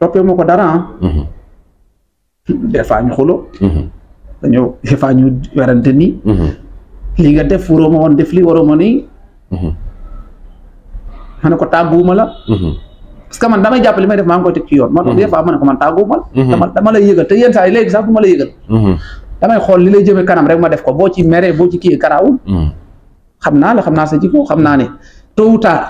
toppee ma ko dara ah. Mhm. des fois ñu xulo mhm. dañoo des ñu werante nii. Mhm. li nga def waroo ma woon def li waroo ma nii. ma ne ko tàgguwuma la. parce que man damay jàpp li may def maa ngi koy teg ci yoon. moo tax ma ne ko man tàgguwuma la. dama dama lay yëgal te yenn saa yi léegi ma lay yëgal. damay xool li lay jëmee kanam rek ma def ko boo ci meree boo ci kii karaawul. xam naa la xam naa sa jikko xam naa ne tôt ou tard.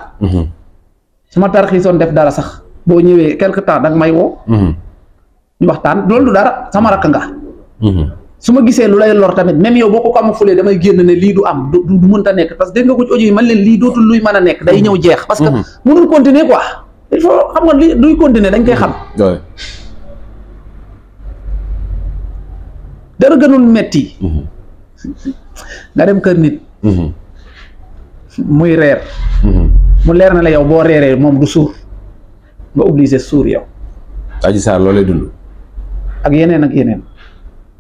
su ma tarxiisoon def dara sax. boo ñëwee quelque temps danga may woo. Mhm. ñu waxtaan loolu dara sama rakk nga. Mhm. su ma gisee lu lay lor tamit même yow boo ko camouflé damay génn ne lii du am du du mënta nekk parce que dégg nga ko ci audio yi man leen lii dootul luy mën a nekk day ñëw jeex. parce que mhm. mënul continuer quoi il faut xam nga li luy continuer dañ koy xam. dara gënul metti nga dem kër nit. muy reer. mu leer na la yaw boo reeree moom du suur. nga obligé suur yow. Adji Sarr loolee dund. ak yeneen ak yeneen.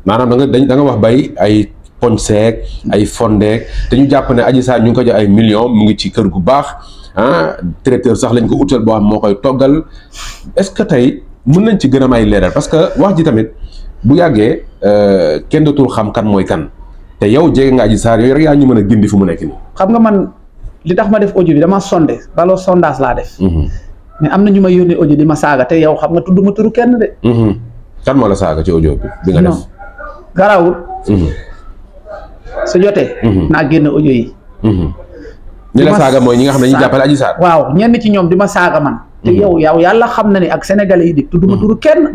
maanaam da nga da nga wax bay ay ponceek ay fondeek te ñu jàpp ne Adji Sarr ñu ngi ko jox ay millions mu ngi ci kër gu baax ah traiteur sax lañ ko utel boo xam moo koy toggal est-ce que tey mun nañ ci gën a may leeral parce que wax ji tamit bu yàggee euh, kenn dootul xam kan mooy kan te yow jege nga Adji Sarr yooyu rek yaa ñu mën a gindi fu mu nekk nii. xam nga man li tax ma def audio bi dama sonde baloo sondage laa def. Mhm. mais am na ñu ma yónnee audio di ma saaga te yaw xam nga tudd ma turu kenn de. Mhm. kan moo la saaga ci audio bi. bi nga def non garaawul. Mhm. Mhm. naa génn audio yi. ñi la saaga mooy ñi nga xam ne ñu jàppale aji saar. waaw ñenn ci ñoom di ma saaga man. te yow yaw yàlla xam na ne ak sénégalais yi di tudd ma turu kenn.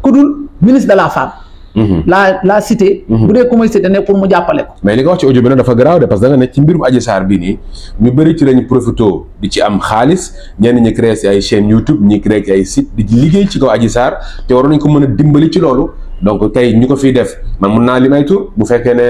ku dul ministre de la femme. Mm-hmm. laa laa cité. Mm-hmm. bu dee ku may cité ne pour mu jàppale ko. mais li nga wax ci audio bi nag dafa garaaw de parce que da nga ne ci mbirum Adji Sarr bii nii ñu bëri ci lañ profité di ci am xaalis ñenn ñi créé si ay chaîne YouTube ñi créé ay site di liggéey ci kaw aji saar te waroon nañ ko mën a dimbali ci loolu donc tey ñu ko fi def man mun naa lim ay tur bu fekkee ne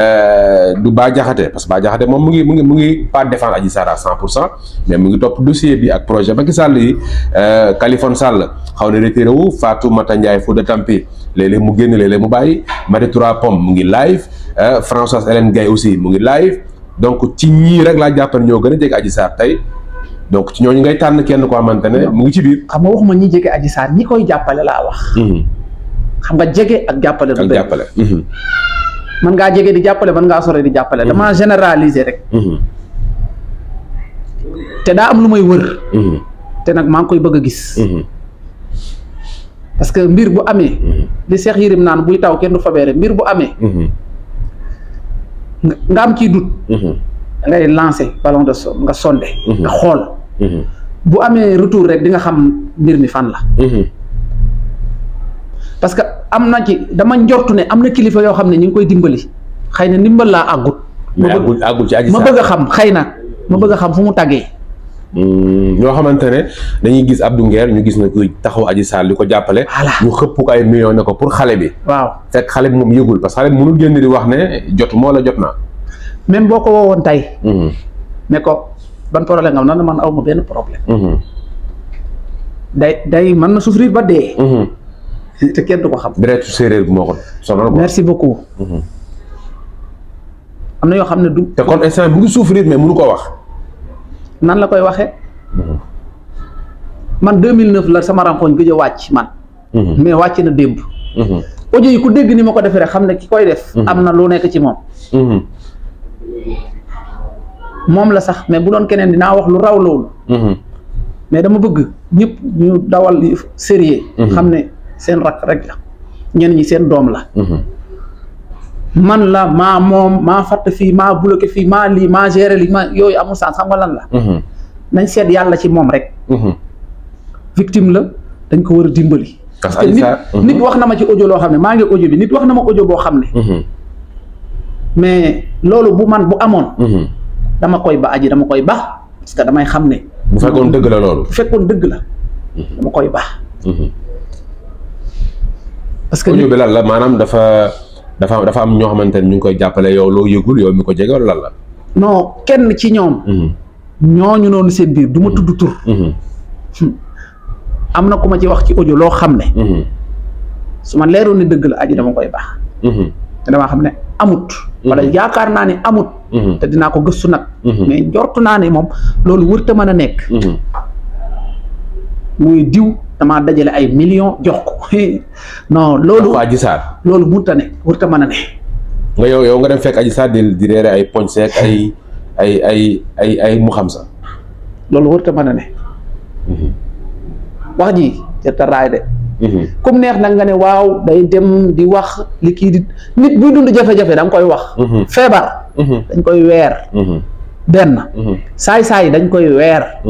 euh, du Bah jaxate parce que Bah moom mu ngi mu ngi mu ngi pas défendre Adji Sarr à cent pour cent mais mu ngi topp dossier bi ak projet Macky Sall yi euh, Kalifone Sall xaw na retiré wu Fatou Mata Ndiaye Fouta Tampi léeg-léeg mu génn léeg mu bàyyi Marie Trois Pommes mu ngi live euh, Françoise Hélène Gaye aussi mu ngi live donc ci ñii rek laa jàpp ñoo gën a jege Adji Sarr tey donc ci ñoo ñu ngay tànn kenn koo xamante ne mu ngi ci biir. xam ma waxuma ñi jege Adji Sarr ñi koy jàppale laa wax. Hmm. xam nga jege ak jàppale du benn mhm. mën ngaa jege di jàppale man ngaa sore di jàppale mhm. dama généraliser rek mhm. te daa am lu may wër te nag maa ngi koy bëgg a gis parce que mbir bu amee li Cheikh Yérim naan buy taw kenn du fabeere mbir bu amee nga am ciy dut ngay lancé ballon de so nga sonde nga xool bu amee retour rek di nga xam mbir mi fan la parce que am na ci dama njortu ne am na kilifa yoo xam ne ñu ngi koy dimbali xëy na ndimbal laa àggut. ma bëgg a xam xay na ma bëgg a xam fu mu tàggee. Hmm, ñoo xamante ne dañuy gis Abdou Nguer ñu gis nga kuy taxaw Adji Sarr li ko jàppale ñu xëpp ko ay millions ne ko pour xale bi waaw fekk xale bi moom yëgul parce que xale bi mënul génn di wax ne jotu moo la jot naa même boo ko woowoon tey hmm. ne ko ban problème am na man aw ma benn problème hmm. day day mën na souffrir ba dee te kenn du ko xam. deretu séeréer bi moo ko sonal merci beaucoup. Mhm. am na yoo xam ne du. te kon instant bu ngi souffrir mais mënu ko wax. nan la koy waxee. Mhm. man 2009 la sama rankoñ gëj wàcc man. Mhm. mais wàcc na démb. audio yi ku dégg ni ma ko defee xam ne ki koy def. am na lu nekk ci moom. moom la sax mais bu doon keneen dinaa wax lu raw loolu. mais dama bëgg ñëpp ñu dawal sérieux. xam ne seen rakk rek la ñenn ñi seen doom la. Mhm. man la maa moom maa fatt fii maa bloqué fii maa lii maa géré lii ma yooyu amul sens xam nga lan la. Mhm. nañ seet yàlla ci moom rek. Mhm. victime la dañ ko war a dimbali. parce que nit wax na ma ci audio loo xam ne maa ngi audio bi nit wax na ma boo xam ne. mais loolu bu man bu amoon. dama koy ba aji dama koy baax parce que damay xam ne. bu fekkoon dëgg la dëgg la dama koy baax. parce que ñu bi lan la maanaam dafa dafa dafa am ñoo xamante ne ñu ngi koy jàppalee yow loo yëgul yow mi ko jege wala lan la. non kenn ci ñoom. Mhm. ñooñu noonu seen biir du ma mhm. tudd tur. Mhm. Hmm. am na ku ma ci wax ci audio loo xam ne. su ma leeroon ne dëgg la aji ma koy baax. te damaa xam ne amut. wala yaakaar naa ni amut. te dinaa ko gëstu nag. mais njortu naa ne moom loolu wërta mën a nekk. muy diw damaa dajale ay million jox ko non. loolu dafa Adji loolu mënut ta ne warut a mën a ne. nga yow yow nga dem fekk Adji Sarr di di reere ay poñ seek ay ay ay ay ay mu xam sa. loolu warut a mën a ne. Mhm. wax ji jota raay de. comme neex na nga ne waaw day dem di wax li kii di nit buy dund jafe-jafe da koy wax. Mhm. feebar. Mhm. dañ koy weer. benn. saay saay dañ koy weer.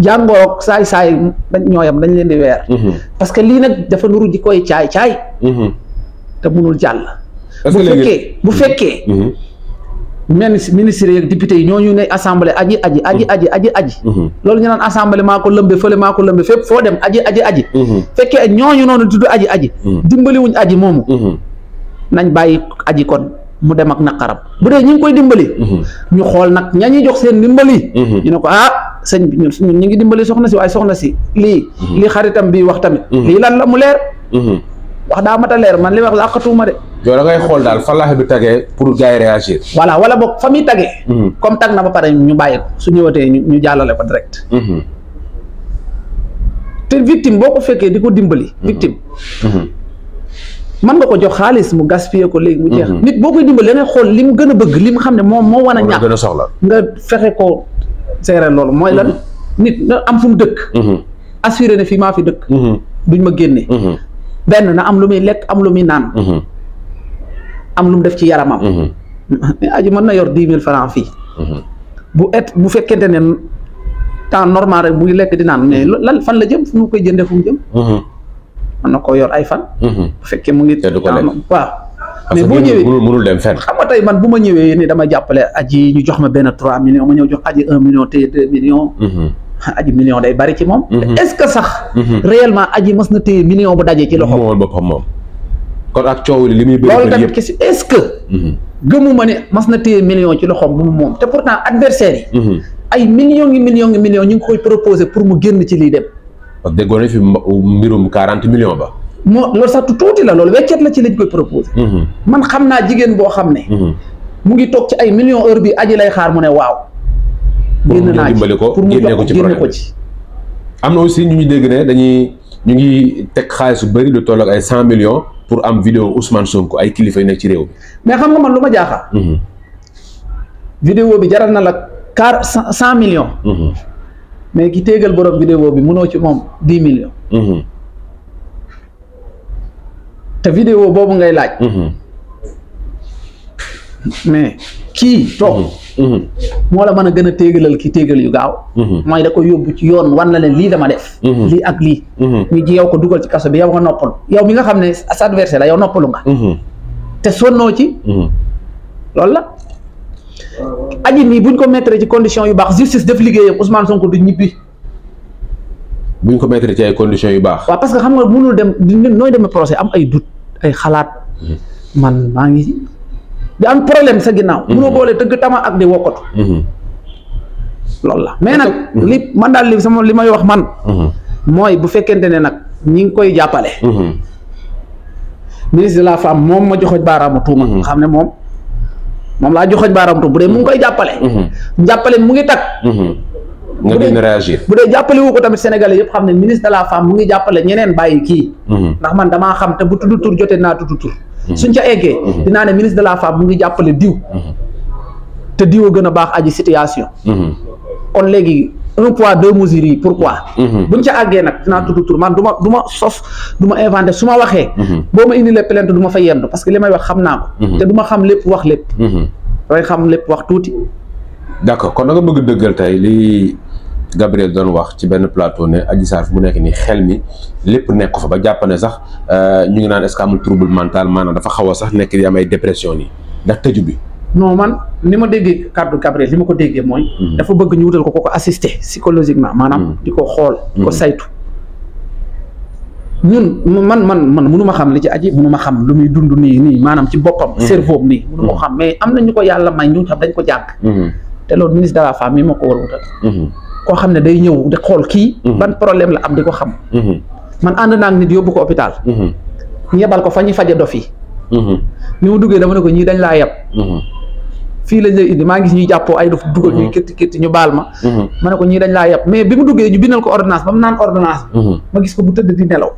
jàngoroog saay-saay dañ ñooyam dañ leen di weer mhm. parce que lii nag dafa nuru ji koy caay-caay mhm. te munul jàll bu fekkee bu mhm. fekkee men ministre yeeg député yi ñooñu ne assemblée aji aji aji aji aji aji loolu ñu naan assemblée ko lëmbe fële fépp foo dem aji aji aji fekkee ñooñu noonu tudd aji aji dimbaliwuñ aji moomu nañ bàyyi aji kon mu dem na naqaram bu dee ñi koy dimbali ñu xool nag ña ñuy jox seen dimbali ñu ne ko ah sëñ bi ñu ñun ñu ngi dimbali soxna si waaye soxna si lii mhm. lii xaritam bi wax tamit mhm. lii lan la mu leer mhm. wax daa mat a leer man li wax làqatuuma de yow da xool daal fan laaxe bi tagee pour gars yi réagir voilà wala boog fa muy tagee comme tag na ba pare ñu bàyyi ko su ñëwatee ñu jàllale ko direct te victime boo ko fekkee di ko dimbali victime man nga ko jox xaalis mu gaspiller ko léegi mu jeex nit boo koy dimbali da xool li mu gën a bëgg li mu xam ne moom moo wan a ñàkk nga fexe ko seere loolu mooy la mhm. nit na am fu mu dëkk mhm. assuré ne fii maa fi dëkk mhm. duñ ma génne benn na am lu muy lekk am lu muy naan am lu mu def ci yaramam mais aji mën na yor di mille francs fii bu et bu fekkente ne temps normal rek muy lekk di naan mais lan fan la jëm fu mu koy jënde fu jëm mën na koo yor ay fan bu fekkee mu ngi waaw mais boo ñëwee mënul dem fenn xam nga tey man bu ma ñëwee ni dama jàppale aji ñu jox ma benn trois millions ma ñëw jox aji un million te deux millions mhm. aji million day bari ci moom mhm. ce que sax mhm. réellement aji mës na téye million bu dajee ci loxo moom boppam kon ak li muy bëri loolu tamit est-ce que gëmuma ne mas na téye million ci loxoom bu mu moom te pourtant yi ay millions ngi millions ngi millions ñu ngi koy proposé pour mu génn ci lii dem wax déggoon fi mbirum quarante millions ba moo loolu sax tuuti la loolu weccet la ci lañ koy proposé. Mhm. man xam naa jigéen boo xam ne. Mhm. mu ngi toog ci ay million heure bi aji lay xaar mu ne waaw. génn naa ci pour mu jox ko génne ko ci. am na aussi ñu ñu dégg ne dañuy ñu ngi teg xaalis bu bëri lu toll ay cent millions pour am vidéo Ousmane Sonko ay kilifa yu nekk ci réew mais xam nga man lu ma jaaxal. Mhm. vidéo bi jaral na la quatre cent millions. mais ki téegal borom vidéo bi mënoo ci moom di millions. te vidéo boobu ngay laaj. Mm-hmm. mais kii toog. Mm-hmm. Mm-hmm. moo la mën a gën a téegalal ki téegal yu gaaw. mooy da ko yóbbu ci yoon wan la ne lii dama def. lii ak lii. ñu ji yow ko dugal ci kaso bi yow nga noppalu yow mi nga xam ne sa adversaire la yow noppalu nga. te sonnoo ci. loolu la. aji nii buñ ko mettre ci condition yu baax justice def liggéeyam Ousmane Sonko du ñibbi. buñ ko mettre ci ay conditions yu baax. waaw parce que xam nga mënul dem nooy demee procès am ay doute. ay xalaat mm-hmm. man maa ngi di am problème sa ginnaaw mënoo mm-hmm. boole tëgg tama ak di wokkatu mm-hmm. loolu la mais nag li man daal li sama li may wax man mooy bu fekkente ne nag ñi ngi koy jàppale ministre de la femme moom ma joxoj baaraamu tuuma xam ne moom moom laa joxoj baaraamu tuuma bu dee mu ngi koy jàppale jàppale mu ngi takk nga gën a réagir bu dee jàppale wu ko tamit sénégalais yëpp xam ne ministre de la femme mu ngi jàppale ñeneen bàyyi kii mhm. ndax man damaa xam te bu tudd tur jotee naa tudd tur mhm. suñ ca eggee mhm. dinaa ne ministre de la femme mu ngi jàppale diw te diw a gën a baax aji situation kon léegi un poids deux mesures yi pourquoi ñu ca àggee nag dinaa tudd tur man du ma du ma sos du ma su ma waxee boo ma indilee plainte du ma fa yendu parce que li may wax xam naa ko te du ma xam lépp wax lépp damay xam lépp wax tuuti d'accord kon da nga bëgg dëggal tey Gabriel doon wax ci benn plateau ne Adji Sarr mu nekk nii xel mi lépp nekk fa ba jàpp ne sax euh, ñu ngi naan est-ce que amul trouble maanaam dafa xaw a sax nekk di am ay dépression yi ndax tëju bi. non man ni ma déggee kàddu Gabriel li ma ko déggee mooy. Hmm. dafa bëgg ñu ko ko ko assister psychologiquement. maanaam hmm. di ko xool. ko hmm. saytu. ñun man man man mënu ma xam li ci aji mënu ma xam lu muy dund nii nii maanaam ci boppam. cerveau am nii mënu xam mais am na ñu ko yàlla may ñu xam dañ ko jàng. te loolu ministre de la mi ma ko war a wutal. koo xam ne day ñëw di xool kii. Mhm. ban problème la am di ko xam. Mhm. man ànd naa nit yóbbu ko hôpital. ñu mhm. ko fa ñuy faje dof yi. ni mu duggee dama ne ko ñii dañ laa yeb. fii lañ lay maa ngi gis ñuy jàppoo ay dugal ñuy mhm. kétti kétti ñu baal ma mhm. ma ne ko ñii dañ laa yàpp mais bi mu duggee ñu bindal ko ordonnance ba mu naan ordonnance mhm. ma gis ko bu tëdd di nelaw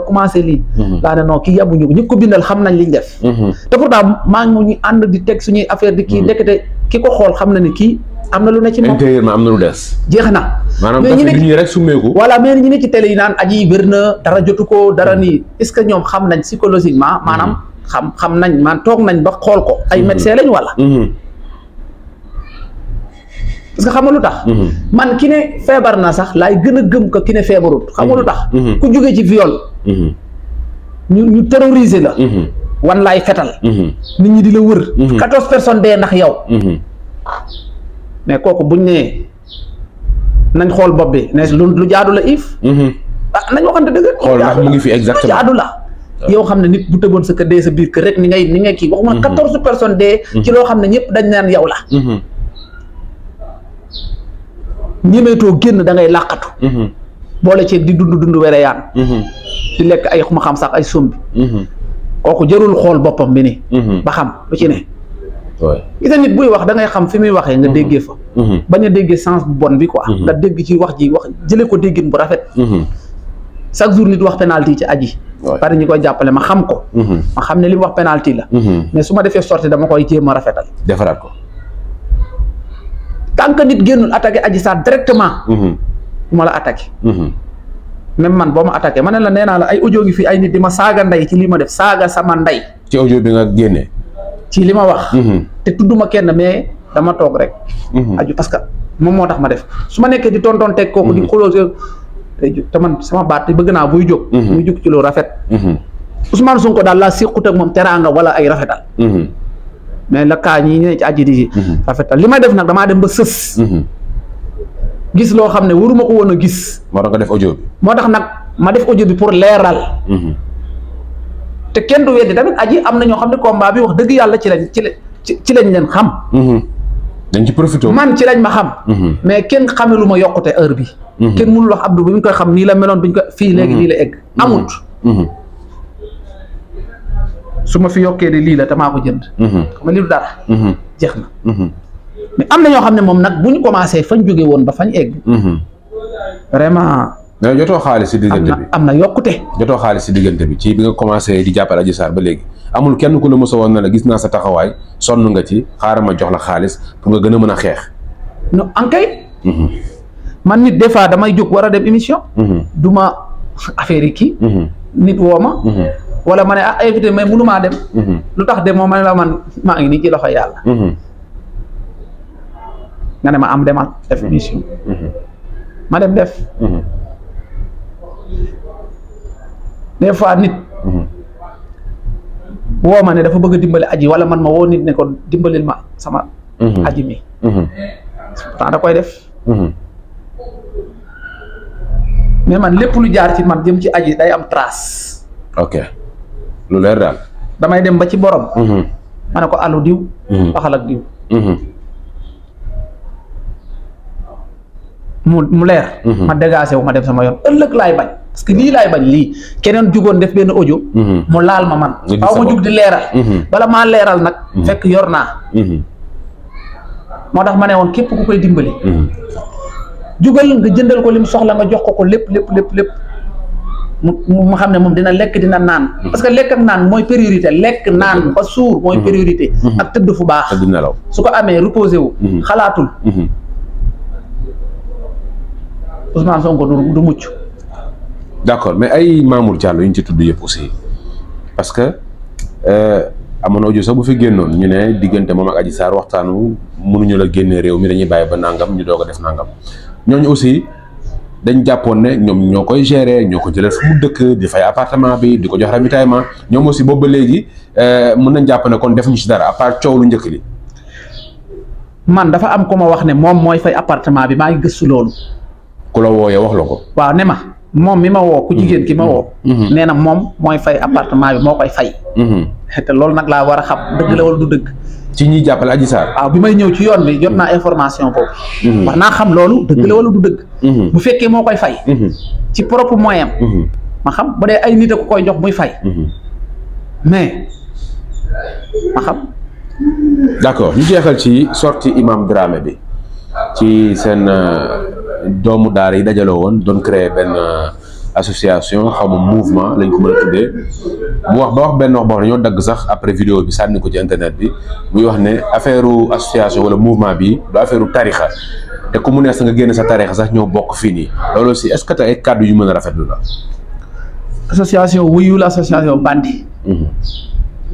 commencé lii laa ne non kii yàbbuñu ñi ko bindal xam nañ liñ def te pourtant maa ngi ñu ànd di teg suñuy affaire di kii ndekete ki ko xool xam na ni kii am na lu ne ci moom intérieurement am na lu des jeex na maanaam parce que ñuy rek summeeku voilà mais ñu ne ci télé yi naan aji wér na dara jotu ko dara nii est ce que ñoom xam nañ psychologiquement xam xam nañ man toog nañ ba xool ko ay mhm. médecin lañ wala mhm. parce que xam nga lu tax mhm. man ki feebar na sax laay gën gëm ko kine ne feebarut xam nga lu tax ku jógee ci viol ñu ñu terroriser la wan laay xetal nit ñi di la wër quatorze personnes dee ndax yow mais kooku buñ nee nañ xool bopp bi ne lu jaadu la if ah nañ waxante dëgg xool ndax mu ngi fi exactement jaadu la yow xam ne nit bu tëboon sa kër dee sa biir kër rek ni ngay ni ngay kii waxuma mhm. quatorze personnes dee mhm. ci loo xam ne ñëpp dañ naan yow la mhm. ñemeetoo génn dangay ngay làqatu boole ci di dund dund were yaan di lekk ay xuma xam sax ay sombi kooku jarul xool boppam bi ni ba xam lu ci ne gisa nit buy wax da ngay xam fi muy waxee nga déggee fa bañ a déggee sens bu bon bi quoi nga dégg ci wax ji wax jële ko déggin bu rafet chaque jour nit wax penalty ci aji bari ñu koy jàppale ma xam ko mhm. ma xam ne li mu wax penalty la mhm. mais su ma defee sorti dama koy jéem a rafetal defaraat ko tant que nit génnul attaqué Adji Sarr directement mhm. du ma la man boo ma attaqué ma ne la nee naa ay audio gi fii ay nit di ma saaga ndey ci li ma def saaga sama ndey ci audio bi ci li ma wax te tudduma kenn mais dama toog rek aju moom moo tax ma def su ma nekkee di tontoon teg kooku di close day te man sama baat bëgg naa buy jóg. Mhm. muy jóg ci lu rafet. Mhm. Ousmane Sonko daal laa séqut ak moom teraanga wala ay rafetal. Mhm. mais la kaa ñi ne ci àjji di rafetal li may def nag damaa dem ba sës. gis loo xam ne waruma ko woon a gis. moo tax def audio moo tax nag ma def audio bi pour leeral. te kenn du weddi tamit aji am na ñoo xam ne combat bi wax dëgg yàlla ci lañ ci lañ ci lañ leen xam. dañ ci man ci lañ ma xam. Mhm. mais kenn xame lu ma yokkute heure bi. Mhm. kenn mënul wax Abdou bi ñu xam nii la meloon bi ñu ko fii mhm. léegi nii la egg. amut. su ma fi yokkee de lii la te ko jënd. xam nga lii du dara. jeex na. mais am na ñoo xam ne moom nag bu ñu commencé fañ jóge woon ba fañ egg. vraiment. mais jotoo xaalis si diggante am na yokkute. jotoo xaalis si diggante bi ci bi nga commencé di jàppale Adji ba léegi amul kenn ku la mos a woon na la gis naa sa taxawaay sonn nga ci xaaral ma jox la xaalis pour nga gën a mën a xeex. non ankay. Mhm. man nit des fois damay jóg war a dem émission. Mhm. du ma affaire yi kii. Mhm. nit woo ma. wala ma ne ah invité mais munu maa dem. lu tax dem moom ma ne la man maa ngi nii ci loxo yàlla. nga ne ma am demal def émission. ma dem def. des fois nit. woo ma ne dafa bëgg a dimbali aji wala man ma woo nit ne ko dimbalil ma sama. Mhm. aji mi. Mhm. pourtant da koy def. Mhm. mais man lépp lu jaar ci man jëm ci aji day am trace. ok lu leer daal. damay dem ba ci borom. ma ko allu diw. waxal ak diw. mu mu leer. ma dégagé wu ma dem sama yoon ëllëg laay bañ. parce que lii laay bañ lii keneen jugoon def benn audio. Mhm. mu laal ma man. faaw ma jug di leeral. Mhm. bala maa leeral nag. Mhm. fekk yor naa. moo tax ma ne woon képp ku koy dimbali. jugal nga jëndal ko lim soxla nga jox ko ko lépp lépp lépp lépp mu mu xam ne moom dina lekk dina naan. parce que lekk naan mooy priorité lekk naan ba suur mooy priorité. ak tëdd fu baax. su ko amee reposé wu. xalaatul. Ousmane Sonko du mucc. d'accord mais ay Mamour Diallo yi ñu ci tudd yëpp aussi parce que euh, amoon audio sax bu fi génnoon ñu ne diggante moom ak Adji Sarr waxtaanu mënuñu la génne réew mi dañuy bàyyi ba nangam ñu doog a def nangam ñooñu aussi dañ jàppoon ne ñoom ñoo koy gérer ñoo ko jëlal fu dëkk di fay appartement bi di ko jox ravitaillement ñoom aussi boobu ba léegi euh, mën nañ jàpp ne kon defuñu ci dara à part coow lu njëkk li. man dafa am ku wax ne moom mooy fay appartement bi maa ngi gëstu loolu. ku la wooyee wax la ko. waaw ne ma. moom mi ma woo ku jigéen ki ma mm-hmm. woo. Mm-hmm. Mm-hmm. nee na moom mooy fay appartement bi moo koy fay. te loolu nag laa war a xam dëgg la wala du dëgg. ci ñuy jàppale Adji Sarr. waaw bi may ñëw ci yoon bi jot naa information boobu. war naa xam loolu dëgg la wala du dëgg. bu fekkee moo koy fay. ci propre moyen ma xam bu dee ay nit a koy jox muy fay. mais ma xam. d'accord ñu jeexal ci sorti Imam Dramé bi ci seen. Euh, doomu daara yi dajaloo woon doon créer benn euh, association xaw ma mouvement lañ ko mën a tuddee mu wax ba wax benn wax boo xam ne ñoo dagg sax après vidéo bi sànni ko ci internet bi muy wax ne affaire association wala mouvement bi du affaire tarixa te ku mu ne sa nga génn sa tarixa sax ñoo bokk fii nii loolu aussi est-ce que tey kàddu yu mën a rafetlu la. association wuyu la association bandi. Mm-hmm.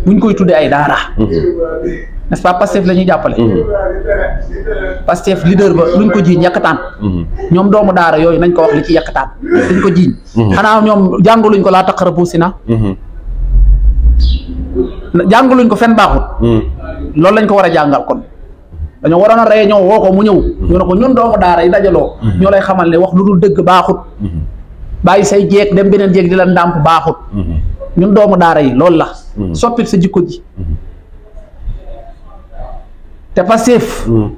buñ koy tuddee ay daara. Mm-hmm. n'est-ce pas Pastef la ñuy jàppale. Mhm. Pastef leader ba luñ ko jiiñ yàqtaan. Mhm. ñoom doomu daara yooyu nañ ko wax li ci yàqtaan. luñ mhm. ko jiiñ. xanaa ñoom jàngaluñ ko laa taqara buusi na. jàngaluñ ko fenn baaxut. loolu lañ ko war a jàngal kon. dañoo waroon a rey ñoo woo ko mu ñëw. ñu ne ko ñun doomu daara yi dajaloo. ñoo lay xamal ne wax lu dul dëgg baaxut. bàyyi say jeeg dem beneen jeeg di la ndàmp baaxut. ñun doomu daara yi loolu la. soppit sa jikko ji. te Pastef hmm.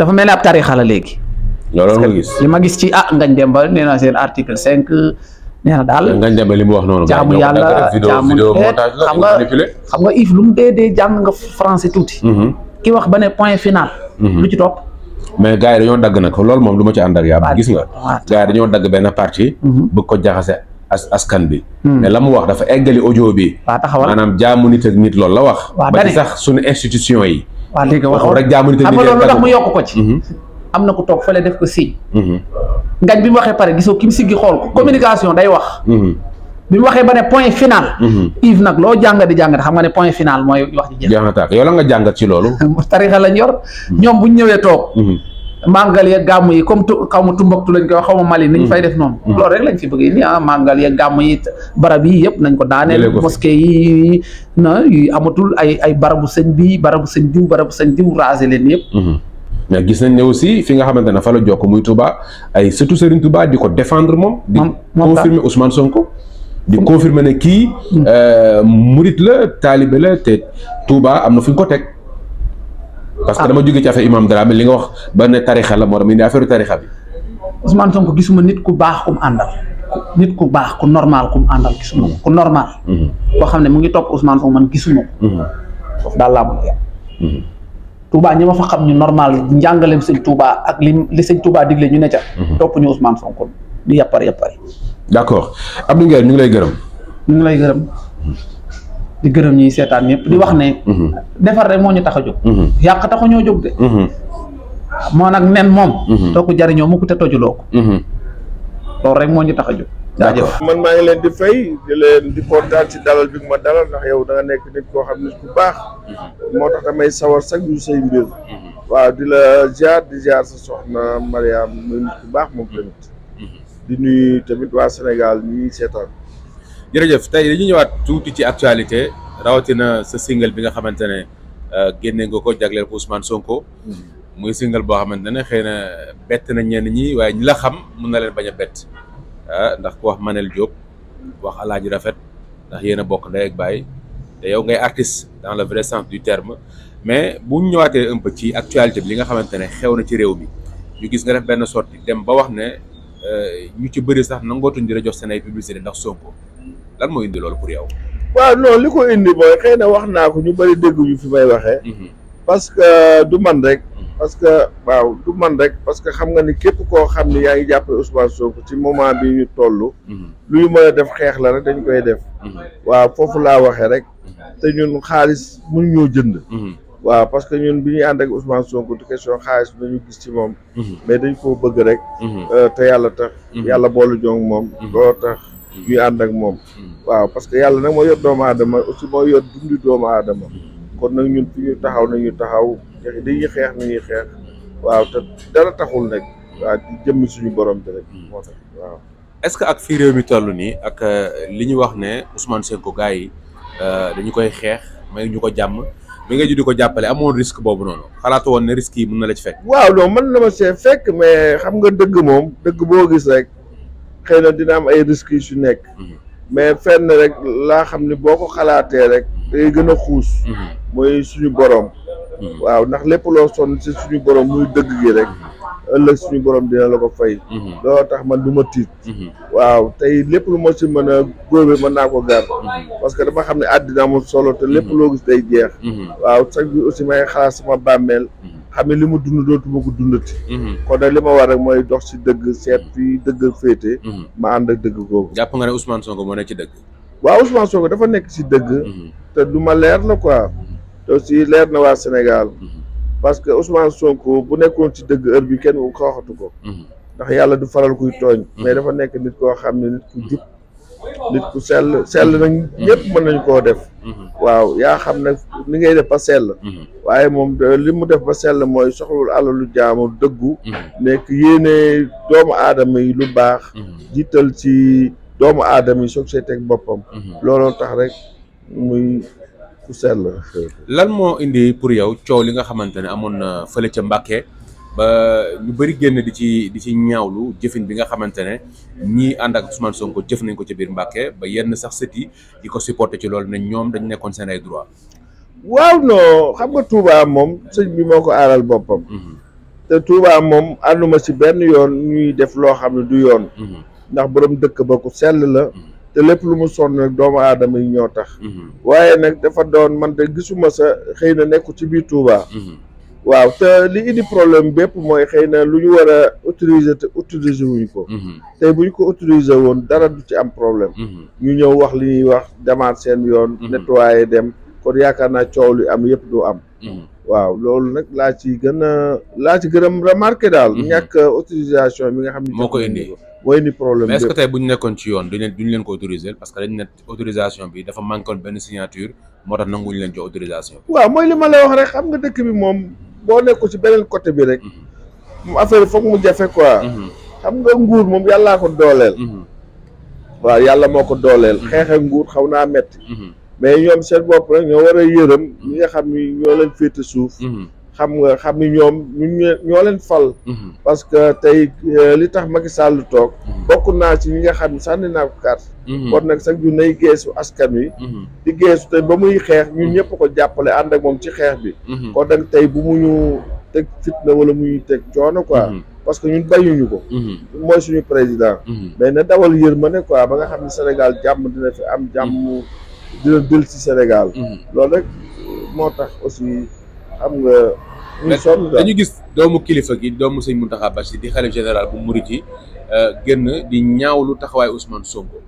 dafa mel ne ab tarixa la léegi. loolu nga gis li ma gis ci ah Ngagne Demba nee naa seen article cinq nee na daal. Ngagne Demba li mu wax noonu. jaamu yàlla jaamu xam nga xam nga if lu mu dee dee nga français tuuti. Hmm. ki wax ba ne point final. Hmm. lu ci topp. mais gaa yi dañoo dagg nag loolu moom du ma ci ànd ak yaa gis nga. gars yi dañoo dagg benn parti. bëgg ko jaxase. as askan bi. Hmm. mais la mu wax dafa eggali audio bi. waaw taxawal maanaam jaamu nit ak nit loolu la wax. waaw ba ci sax suñu institution yi. waaw léegi waxoon rek jaamu nit ak nit xam mu yokk ko ci. Mhm. am na ku toog fële def ko signe. Mhm. ngañ bi mu waxee pare gisoo ki mu siggi xool ko mhm. communication day wax. bi mu waxee ba ne point final. Yves nag loo jàngat di jàngat xam nga ne point final mooy wax ji jeex. yow la nga jàngat ci loolu. tarixa lañ yor. ñoom bu ñëwee toog. màngal ya gàmm yi comme tu xaw ma tumbaktu lañ koy wax xaw ma Mali niñ mm. fay def noonu mm. loolu lañ fi bëgg indi ah màngal ya gàmm yi barab yi yëpp nañ ko daaneel mosquée yi na yu amatul ay ay barabu sëñ bi barabu sëñ diw barabu sëñ diw raser leen yëpp mm-hmm. mais gis nañ ne aussi fi nga xamante ne fa la jokk muy Touba ay surtout Serigne Touba di ko défendre moom di confirmer Ousmane Sonko di confirmer ne kii mm. euh, murit la taalibe la te Touba am na fi ñu ko teg parce que dama jóge ci affaire Imam Dramé li nga wax ba ne tarixa la moo tax mu indi affaire tarixa bi Ousmane Sonko gisuma nit ku baax ku mu àndal nit ku baax ku normal ku mu àndal ko ku mhm. koo xam ne mu ngi topp Ousmane Sonko man gisuma ko mhm. foofu daal laa mën yàpp mhm. Touba ñi ma fa xam ni normal njàngaleem sëñ Touba ak li li sëñ Touba digle ñu ne ca topp ñu Ousmane Sonko di yàppar yàppar d'accord Abdou Nguer ñu ngi lay gërëm ñu ngi lay gërëm di gërëm ñuy seetaan ñëpp di wax ne. Mhm. defar rek moo ñu tax a jóg. Mhm. yàq taxu ñoo jóg de. Mhm. moo nag nen moom. doo ko jariñoo mu te tojuloo ko. loolu rek moo ñu tax a jóg. jaajëf man maa ngi leen di fay di leen di kontaan ci dalal bi nga ma dalal ndax yow danga nekk nit koo xam nit ku baax. moo tax damay sawar sax yu say mbir. waaw di la ziar di ziar sa soxna Mariam muy nit baax moom tamit. di nuyu tamit waa Sénégal ñi seetaan. jërëjëf tey dañu ñëwaat tuuti ci actualité rawatina sa single bi nga xamante ne euh, génne nga ko jagleel ko Ousmane Sonko. Mm-hmm. muy single boo xamante ne xëy na bett na ñenn ñi waaye ñi la xam mun na leen bañ a bett ah, ndax ku wax Manel Diop wax Alaaji Rafet ndax yéen a bokk ndey ak baay te yow ngay artiste dans la vrai sens du terme mais bu ñu ñëwaatee un ci actualité bi li nga xamante ne xew na ci réew mi ñu gis nga def benn sortie dem ba wax ne euh, ñu ci bëri sax nangootuñ dina jox seen ay publicité ndax Sonko. lan moo indi loolu pour yow. waaw non li ko indi mooy xëy na wax naa ko ñu bëri ñu fi may waxee. Mhm. parce que euh, du man rek. Mhm. parce que waaw du man rek parce que xam nga ni képp koo xam ni yaa ngi jàppale Ousmane Sonko ci moment bi ñu toll. Mhm. lu ñu mën def xeex la rek dañ koy def. waaw foofu laa waxee rek. te ñun xaalis mënuñoo jënd. waaw parce que ñun bi ñuy ànd ak Ousmane Sonko du question xaalis bi nañu gis ci moom. mais dañ koo bëgg rek. Euh, te yàlla tax. yàlla boolu joŋ moom. looloo ñuy mm. ànd ak moom mm. waaw parce que yàlla nag moo yor doomu aadama aussi moo yor dundi doomu aadama kon nag ñun fi ñu taxaw nañu taxaw dañuy xeex nañuy xeex waaw te dara taxul nag jëmm suñu borom bi mm. ce que ak fii réew toll nii ak euh, li ñu wax ne Ousmane Sonko gars yi euh, dañu koy xeex may ñu ko jàmm mi nga ji di ko jàppale amoon risque boobu noonu xalaatu woon ne risque yi mun na la ci fekk waaw non mën na ma see fekk mais xam nga dëgg moom dëgg boo gis rek xëy na dina am ay risques yu si nekk. Mhm. mais fenn rek laa xam ni boo ko xalaatee rek day gën a xuus. Mhm. mooy suñu borom. Mhm. waaw ndax lépp loo sonn si suñu borom muy dëgg gi rek. ëllëg suñu borom dina la ko fay. looloo tax man du ma tiit. waaw tey lépp lu ma si mën a góobe mën naa ko gar parce que dama xam ne àddina amul solo te lépp loo gis day jeex. waaw chaque jour aussi may xalaat sama bàmmeel. xam ne li mu dund dootuma ko dundati. Mhm. kon nag li ma war rek mooy dox ci dëgg seet fii dëgg féete. Mhm. ma ànd ak dëgg googu. jàpp nga ne Ousmane Sonko moo nekk ci dëgg. waaw Ousmane Sonko dafa nekk ci dëgg. Mhm. te du ma leer la quoi. te aussi leer na waa Sénégal. parce que Ousmane Sonko bu nekkoon ci dëgg heure bi kenn waxatu ko. ndax yàlla du faral kuy tooñ. mais dafa nekk nit koo xam ne nit ku jub. nit ku sell sell nag ñëpp mën nañ koo def mm-hmm. waaw yaa xam ne li ngay def ba sell mm-hmm. waaye moom li mu def ba sell mooy soxlul alalu jaamu dëggu mm-hmm. nekk yéene doomu aadama yi lu baax jiital ci doomu aadama yi société ak boppam looloo tax rek muy ku sell lan moo indi pour yow coow li nga xamante ne amoon na fële ca Mbàkke ba ñu bëri génn di ci di ci ñaawlu jëfin bi nga xamante ne ñii ànd ak Ousmane Sonko jëf nañ ko ci biir Mbàkke ba yenn sax sët yi di ko supporté ci loolu ne ñoom dañ nekkoon seen ay droit waaw noo xam nga Touba moom sëñ bi moo ko aaral boppam mhm. te Touba moom ànduma si benn yoon ñuy def loo xam ne du yoon mhm. ndax borom dëkk ba ku sell la mhm. te lépp lu mu sonn doomu aadama yi ñoo tax waaye nag dafa doon man de gisuma sa xëy na nekku ci biir Touba waaw te li indi problème bépp mooy xëy na lu ñu war a autoriser te autoriser wuñ ko. Mhm. tey bu ñu ko autoriser woon dara du ci am problème. Mhm. ñu ñëw wax li ñuy wax demaat seen yoon. Mhm. nettoyer dem kon yaakaar naa coow li am yëpp du am. waaw loolu nag laa ci gën a laa ci gën a remarqué daal. ñàkk autorisation bi nga xam ne. moo ko indi moo indi problème mais est-ce tey bu ñu nekkoon ci yoon duñ leen leen ko autoriser parce que dañ ne autorisation bi dafa manqué woon benn signature moo tax ci autorisation. waaw moom. boo nekkul ci beneen côté bi rek mu mm-hmm. affaire foog mu jafe quoi mm-hmm. xam nga nguur moom yàllaa ko dooleel mm-hmm. waaw yàlla moo ko dooleel xeexe nguur xaw naa metti mais ñoom seen bopp rek ñoo war a yërëm ñi nga xam ni ñoo leen féete suuf xam nga xam ni ñoom ñun ñoo leen fal. Mhm. parce que tey euh, li tax Macky Sall toog. Mhm. bokk naa ci ñi nga xam ne sànni naa ko carte. kon mhm. nag sax ñu nay geesu askan wi. di tey ba muy xeex ñu ñëpp ko jàppale ànd ak moom ci xeex bi. kon nag tey bu mu ñu teg fitna wala muy teg coono ko parce que ñun bàyyiwuñu ko. mooy suñu président. mais na dawal yërmande quoi ba nga xam ne Sénégal jàmm dina fi am jàmm dina dël ci Sénégal. loolu rek moo tax aussi. am nga. ñu sonn dañu gis doomu kilifa gi doomu sëñ Mountakha Bachir di xalif général bu murit yi euh, génn di lu taxawaay Ousmane Sonko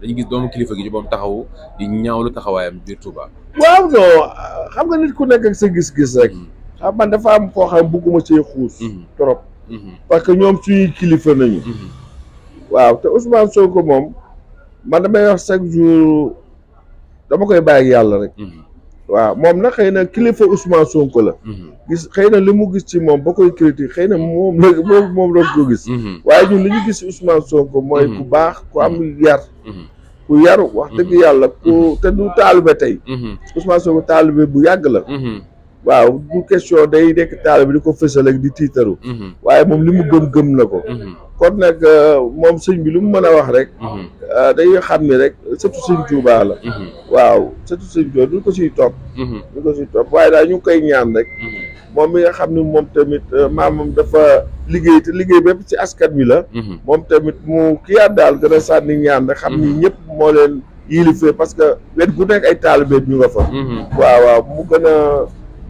dañu gis doomu kilifa gi ci moom taxawu di lu taxawaayam biir Touba. waaw non xam nga nit ku nekk ak sa gis-gis rek. ah man dafa am koo xam bugguma see xuus. Mm-hmm. trop. Mm-hmm. parce que ñoom suñuy kilifa nañu. waaw te Ousmane Sonko moom man damay wax chaque jour dama koy bàyyi yàlla rek. waaw moom na xëy na kilifa Ousmane Sonko la. xëy na li mu gis ci moom ba koy critique xëy na moom la moom la ko gis. Mhm. waaye ñun li ñu gis ci Ousmane Sonko. mooy mhm. ku baax ku am mhm. yar. ku yaru wax dëgg yàlla ku te du taalibe tey. Ousmane Sonko taalibe bu yàgg la. waaw bu question day nekk taalibe di ko fësal ak di tiitaru. waaye moom li mu gëm gëm na ko. kon nag euh, moom sëñ bi lu mu mën a wax rek. Mhm. Euh, dañu xam ni rek surtout sëñ Tuubaa la. Mhm. waaw surtout sëñ Tuubaa duñ mhm. ko siy topp. waaye daal ñu koy ñaan rek. moom mi nga xam ne moom tamit euh, maamam dafa liggéey te liggéey bépp si askan bi la. moom tamit mu kii yaat daal gën a sànni ñaan rek xam ni ñëpp moo leen yilifee parce que wet gu nekk ay taalibeet ñu nga fa. waaw waaw mu gën a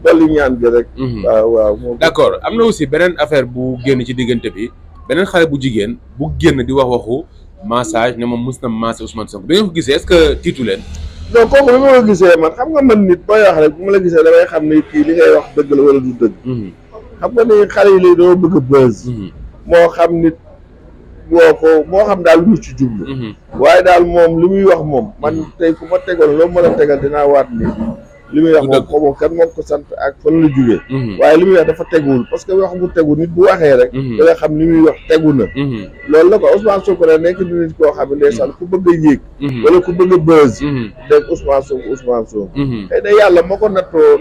dolli ñaan gi rek. waaw waaw. d'accord am na aussi beneen affaire bu génn ci diggante bi. beneen xale bu jigéen bu génn di wax waxu massage ne moom mës na massé Ousmane Sonko bi ngeen ko gisee est-ce que tiitu leen. non kooku bi ma ko gisee man xam nga man nit booy wax rek bu ma la gisee damay xam ne kii li ngay wax dëgg la wala du dëgg. Mhm. xam nga ni xale yi lay doo bëgg a mhm. moo xam nit boo ko moo xam daal lu ci jublu. Mhm. waaye daal moom lu muy wax moom. man tey ku ma tegoon loo mën a tegal dinaa waat nii. li muy wax moom ko moom kan ko sant ak fan la jógee mhm. waaye li muy wax dafa teguwul parce que wax bu tegu nit bu waxee rek mhm. da xam li muy wax tegu na mhm. loolu la ko Ousmane Sonko ne nekk di nit koo xam ne ndeysaan ku bëgg a yéeg wala ku bëgg dégg Ousmane Sonko na yàlla moo ko nattoo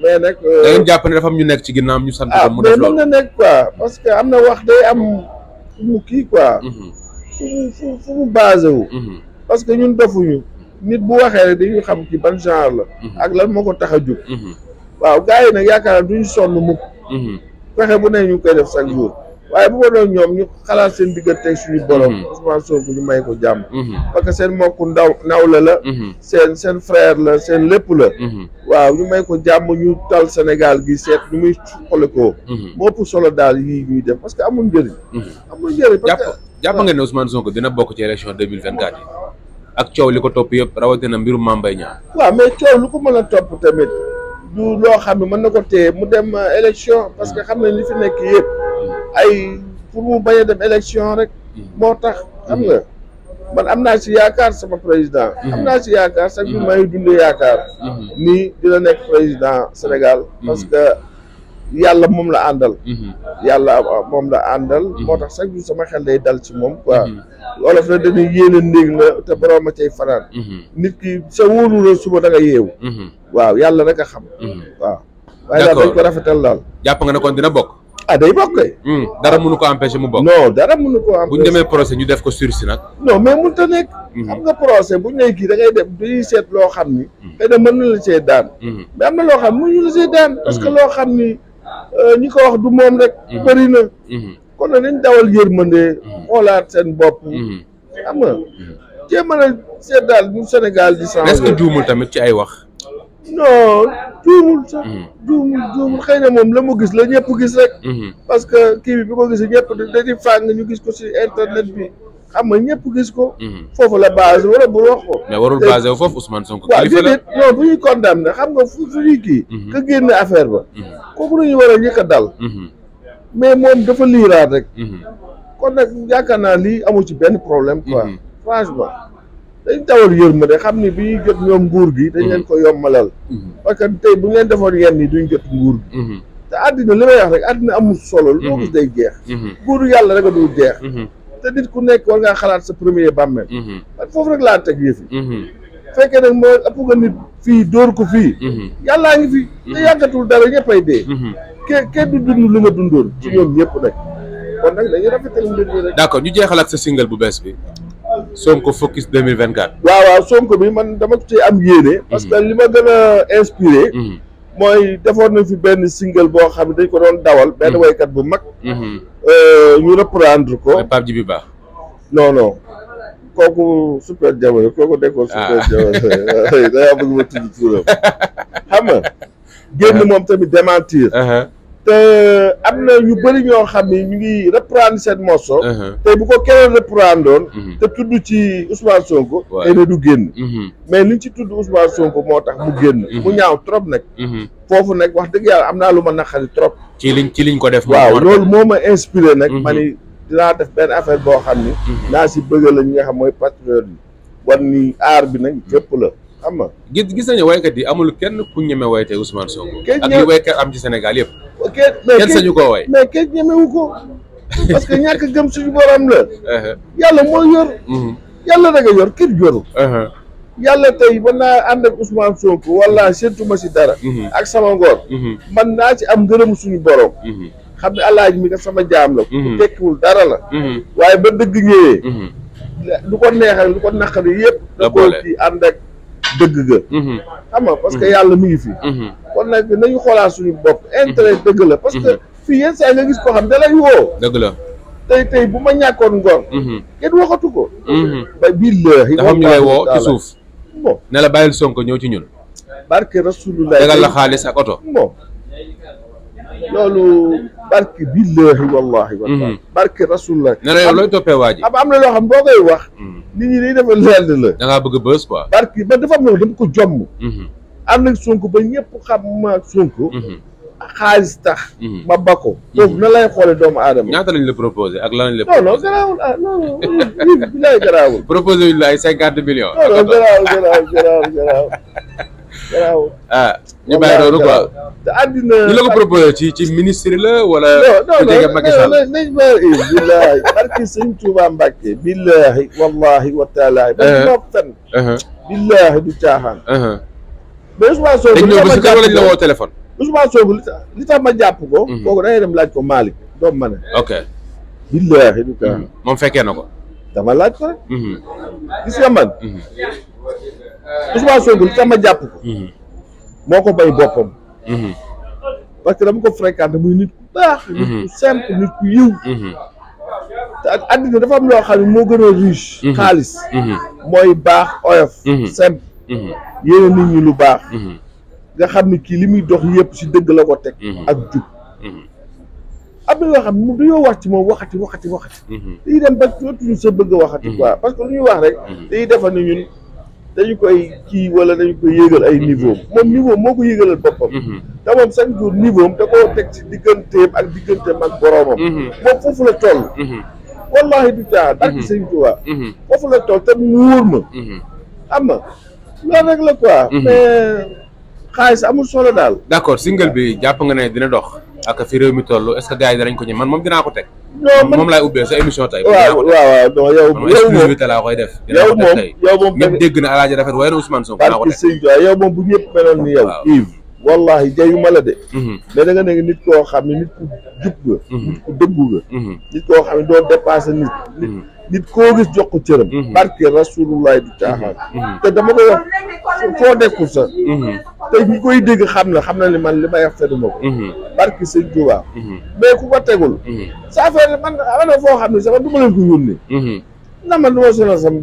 mais nag euh, jàpp ne dafa am ñu nekk ci ginnaaw ñu sant ko ah, mu def loolu mais mën na nekk quoi parce que am na wax day am fu mu kii quoi fu mu fu mu basé wu parce que ñun defuñu nit bu waxee rek dañuy xam ci ban genre la. Mhm. ak lan moo ko tax a jóg. Mhm. waaw gars yi nag yaakaar duñ sonn mukk. fexe mhm. bu ne ñu koy def chaque jour. waaye bu ko doon ñoom ñu xalaat seen digganteeg suñu borom. Ousmane Sonko ñu may ko jàmm. parce que seen mbokk ndaw nawle la. seen seen frère la seen lépp la. waaw ñu may ko jàmm ñu tal Sénégal gi seet ñu muy xoole ko. moo ëpp solo daal yii ñuy def parce que amul njëriñ. amul njëriñ parce que jàpp nga ne Ousmane Sonko dina bokk ci élection deux mille vingt quatre yi. ak coow li ko topp yëpp rawatina mbirum Mame Mbaye Niang. waaw mais coow lu ko mën a topp tamit du loo xam ne mën na ko téye mu dem euh, élection parce que xam nañ li fi nekk yëpp hmm. ay pour mu bañ dem élection rek hmm. moo tax xam nga hmm. man am naa si yaakaar sama président. am naa si yaakaar sax bi may dundee yaakaar. ni dina nekk président Sénégal parce que. yàlla moom la àndal mhm. yàlla ah, moom la àndal mhm. moo tax chaque jour sama xel day dal ci moom quoi mhm. wolof la dañuy yéene néeg la te borom a cay fanaan nit ki sa wóolu la suba da nga yeewu waaw yàlla rek a xam waaw waaye daal dañ ko rafetal daal jàpp nga ne kon dina bokk ah day bokk hmm, dara mënu ko empêcher mu bokk non dara mënu ko empêcher bu ñu demee procès ñu def ko sursis nag non mais mënut a nekk xam nga procès bu da ngay def dañuy seet loo xam ni xëy na mën na la see daan mais am na loo xam mënuñu la see daan parce que loo Euh, ñi ko wax du moom rek mhm. bëri na mhm. kon nag nañ dawal yërmande mhm. xoolaat seen bopp xam nga jéem a seet daal ñu Sénégal di changé est-ce que tamit ci ay wax non juumul sax juumul juumul xëy na moom la mu gis la ñëpp gis rek parce que kii bi bi ko gisee ñëpp dañuy fàng ñu gis ko ci internet bi xam nga ñëpp gis ko. Mhm. foofu la basé wala bu wax ko. mais warul basé wu foofu Ousmane Sonko. kilifa la waaw non bu ñuy condamné xam nga fu fu ñuy mhm. ba. Mhm. kooku la ñu war a njëkk a mais moom dafa liiraat rek. kon nag yaakaar naa lii amul ci benn problème quoi. franchement dañ tawal yërmande xam ni bi ñuy jot ñoom nguur gi. dañ leen ko yombalal. parce que tey bu ngeen defoon yenn yi duñ jot nguur gi. te àddina li may wax rek àddina amul solo. loo gis day jeex. nguuru yàlla rek a dul jeex. te nit ku nekk war ngaa xalaat sa premier bàmmeel man mhm. foofu rek laa teg yëf yi mhm. fekkee nag moo ëpp nga nit fii dóor ko fii mhm. yàllaa ngi fi te yàggatul dara ñëppay dee ke kenn du dund lu nga dundoon ci ñoom ñëpp nag kon nag dañuy a mbir mi ñu jeexal ak sa single bu bees bi Sonko focus 2024. waaw waaw Sonko bi man dama ci am yéene. parce que li ma gën a inspiré. mooy defoon na fi benn single boo xam ne dañ ko doon dawal benn woykat bu mag. Euh, ñu reprendre ko. mais Pape Djibi Ba. kooku super jamono kooku nekkoon. Ah. super jamono day am bëgg ma tudd turam. xam nga génn moom tamit démentir. Uh-huh. te am na ñu bëri ñoo xam ni ñu ngi reprendre seen morceau. Uh-huh. te bu ko keneen reprendre doon. Uh-huh. te tudd ci Ousmane Sonko. waaw tey du génn. Uh-huh. mais liñ ci tudd Ousmane Sonko moo tax mu génn. mu ñaaw trop nag. foofu nag wax dëgg yàlla am naa lu ma naqari trop. ci liñ ci liñ ko def. waaw loolu moo ma inspiré nag. ma ni dinaa def affaire boo xam ni. naa si bëgg la ñi nga xam mooy patriote bi war ni aar bi nag fépp la. xam nga gis gis nañu waykat yi amul kenn ku ñeme wayte Ousmane Sonko. ak li waykat am ci Sénégal yëpp. kenn sañu koo way mais kenn ñemewu ko parce que ñàkk gëm suñu borom la uh-huh. yàlla moo yor mm-hmm. yàlla nag nga yor kër joru uh-huh. yàlla tey mën naa ànd ak Ousmane Sonko wala seentuma si dara mm-hmm. ak sama ngoor man mm-hmm. naa ci am ngërëm suñu borom xam ne alaaji mi ka sama jaam la ku tekkiwul dara la waaye ba dëgg ñëwee lu ko neexal lu ko naqari yëpp da koo ci ànd ak dëgg ga mhm. xam nga yàlla mu ngi fi mhm. kon nag nañu xoolaat suñu bopp intérêt dëgg la parce mhm. fii yenn saa nga gis koo xam da lay woo dëgg la tey tey bu ma ñàkkoon ngor kenn waxatu ko ba billaahi nga xam ñu lay woo ci suuf bon ne la bàyyil sonko ñëw ci ñun barke rasulullah dagal la xaalis ak oto bon loolu barke billahi wallahi wallahi mm-hmm. barke rasulullah nee na yow looy toppee waa ji am na loo xam boo koy wax mm. nit ñi day dafa lenn la da ngaa bëgg bës quoi barke man dafa am loo ko jomm am mm-hmm. nag Sonko ba ñëpp xam ma Sonko mm-hmm. xaalis tax ma ba ko foofu na lay xoole doomu aadama ñaata lañ la proposé ak lan lañ la non non garaawul ah non non bi lay garaawul proposé wuñ la ay cinquante millions non non garaawul garaawul garaawul garaawul waaw ah ñu bàyyi loolu te àddina ñu la ko la wala. ku jege Macky Sall non non nañ ma billahi barki sëñ Touba wallahi wa taalahi. ba ñu uh-huh. tan uh-huh. billahi du caaxaan. Uh-huh. mais Ousmane Sonko dañ li tax ma jàpp ko. kooku da ngay dem laaj ko Malick du caaxaan. moom fekkee na ko. dama laaj ko rek. Ousmane Sonko li tax jàpp ko mhm. moo ko bay boppam mhm. parce que dama ko fréquenté muy nit ku baax nit mhm. ku simple nit ku yiw te dafa am loo xam ne moo gën a riche xaalis mooy baax oyof simple yéene nit ñi lu baax nga xam ni kii li muy dox yëpp si dëgg la ko teg ak jub am na yoo xam ne dañoo wax ci moom waxati waxati waxati dañuy dem ba dootuñu sa bëgg a waxati quoi parce que lu ñuy wax rek dañuy defal ni dañu ko koy kii wala dañu koy yéegal ay mhm. niveau moom niveau moo ko yéegalal boppam mhm. te moom chaque jour niveau da koo teg ci digganteem ak digganteem ak boroomam mhm. moom foofu la toll wallahi du taa barki am na loolu amul solo daal d'accord single bi jàpp nga ne dina dox ak fi réew mi toll est-ce danañ ko ñëw man moom dinaa ko teg. moom laay ubbee sa émission tey. waaw waaw non yow. yow moom bi moom yow ñëpp meloon ni yow. Yves wallahi jayu ma la de. Mhm. mais nga nekk nit koo xam ne nit ku jub nga. Mhm. nit ku mhm. koo xam ne doo dépassé nit. nit koo gis jox ko cëram. Mhm. barke rasulullah du caaxaan. Mhm. Mhm. te dama koy wax foo nekkul sax. te ñi koy dégg xam na xam na li man li may wax fetuma ko. barke sëñ Tuubaa. mais ku ko tegul. sa affaire man am na foo xam ne sax du ma leen ko yónnee. na ma du ma sonal sama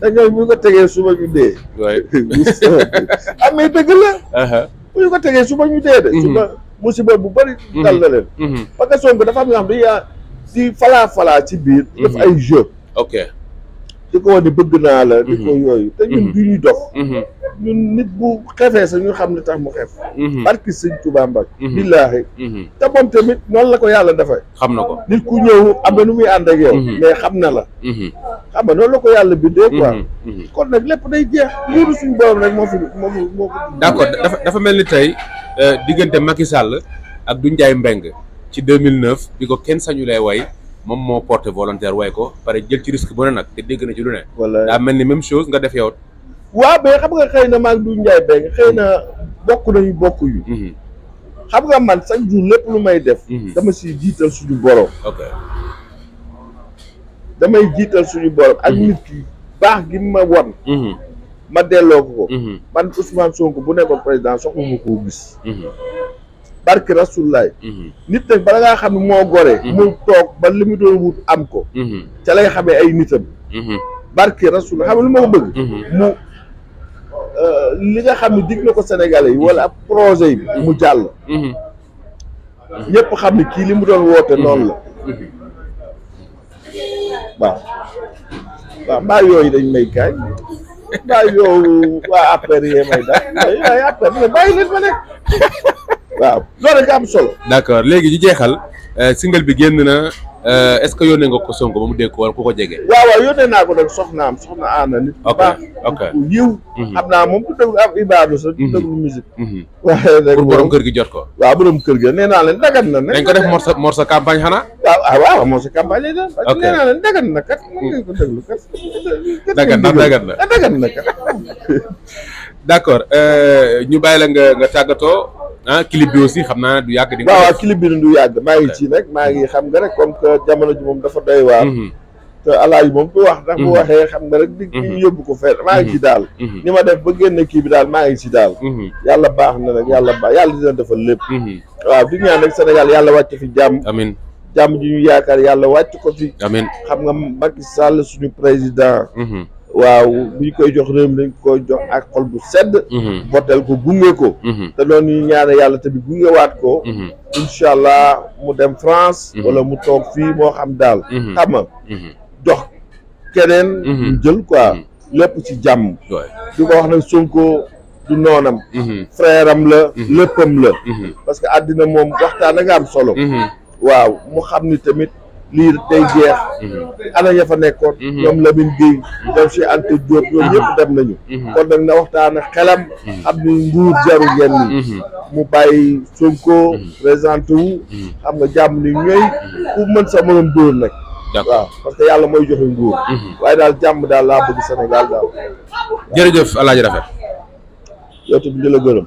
te ñoom bu ñu ko tegee suba ñu dee. waay ah mais dëgg la. Uh-huh. bu ko tegee suba ñu dee de. suba musiba bu bëri dal na leen. parce que dafa am ñoo xam ne yaa. si falaa falaa ci biir. Mhm. def ay jeu. ok di ko wane bëgg naa la. di ko mhm. yooyu te ñun mhm. du ñuy ñun nit bu xefee sax xam ne tax mu xef. barki sëñ Tuubaa billaahi. te moom tamit noonu la ko yàlla dafay. xam na ko nit ku ñëw am na nu muy ànd ak yow. mais xam na la. xam nga noonu la ko yàlla bindee quoi. kon nag lépp day jeex nguuru suñu borom rek moo fi moo moo ko. d' accord dafa dafa mel ni tey euh, diggante Macky Sall ak Doudou Ndiaye Mbengue. ci 2009 bi ko kenn sañu lay way moom moo porté volontaire way ko pare jël ci risque bu ne nag te dégg na ci lu ne. daa mel ni même chose nga def yow. waaw mais xam nga xëy na maag du Ndiaye Mbengue xëy na bokk nañu bokk yu. Mhm. xam nga man chaque jour lépp lu may def. Mhm. dama si jiital suñu borom. ok damay jiital suñu borom. ak mhm. nit ki baax gi ma won ma delloo ko ko. man Ousmane Sonko bu nekkoon président soxla koo gis. barke rasulaay mhm. nit nag bala nga xam ne moo gore mu mhm. toog ba li mu doon wut am ko mhm. ca lay xamee ay nitam barke rasulaay xam ne lu ma ko bëgg mu euh, li nga xam ni dig na ko Sénégalais yi wala ab projet yi mu jàll ñëpp xam ne kii li mu doon woote noonu la waaw mbaa yooyu dañ may kaay mbaa yow waa affaire yee may daal waaye affaire bàyyi ma nekk waaw loolu nga am solo. d'accord léegi ñu jeexal euh, single bi génn na euh, est-ce que yónnee nga ko Sonko ba mu dégg ko wala ku ko jege. waaw waaw yónnee naa ko nag soxnaam soxna Anna. nit bu ok yiw. Mhm. xam naa moom ku déglu ab ibaadu mhm. mhm. pour borom kër gi jot ko. waaw borom kër gi nee naa leen dagan na. dañ ko def morsa morsa campagne xanaa. waaw ah waaw na kat. mën na kat. d'accord euh, ñu bàyyi la nga nga tàggatoo. ah clip bi aussi xam naa du yàgg di waaw waaw clip bi du yàgg maa ngi ci nag maa ngi xam nga rek comme que jamono ji moom dafa doy waar mm-hmm. te alaaji moom ku wax ndax bu mm-hmm. waxee xam nga rek di kii mm-hmm. yóbbu ko fenn maa ngi ci daal ni ma def ba génn kii bi daal maa ngi ci daal yàlla baax na nag yàlla baax yàlla dina defal lépp waa di ñaan nag Sénégal yàlla wàcc fi jàmm amin jàmm ji ñu yaakaar yàlla wàcc ko fi amin xam nga mag Sall suñu président waaw bu ñu koy jox réew mi dañ koy jox ak xol bu sedd booteel mhm. ko gunge ko mhm. te doon ñu ñaane yàlla tamit gunge waat ko mhm. incha allah mu dem France walla mu toog fii moo xam daal xam jox keneen jël quoi lépp ci jàmm di ko wax nag Sonko du noonam frère la léppam la parce que àddina moom waxtaan a nga am solo waaw mu xam ni tamit lii day jeex mhm. ana ya fa nekkoon mhm. ñoom Lamine Gueye mhm. ñoom Cheikh Anta Diop ñoom ñëpp dem nañu kon nag na waxtaana ak xelam am ni nguur jaru yenn mu bàyyi Sonko présenté wu xam nga jàmm ni ñooy ku mën sa moroom dóor nag waaw parce que yàlla mooy joxe nguur waaye daal jàmm daal laa bëgg Sénégal daal jërëjëf Alaaji Rafet yow tamit di la gërëm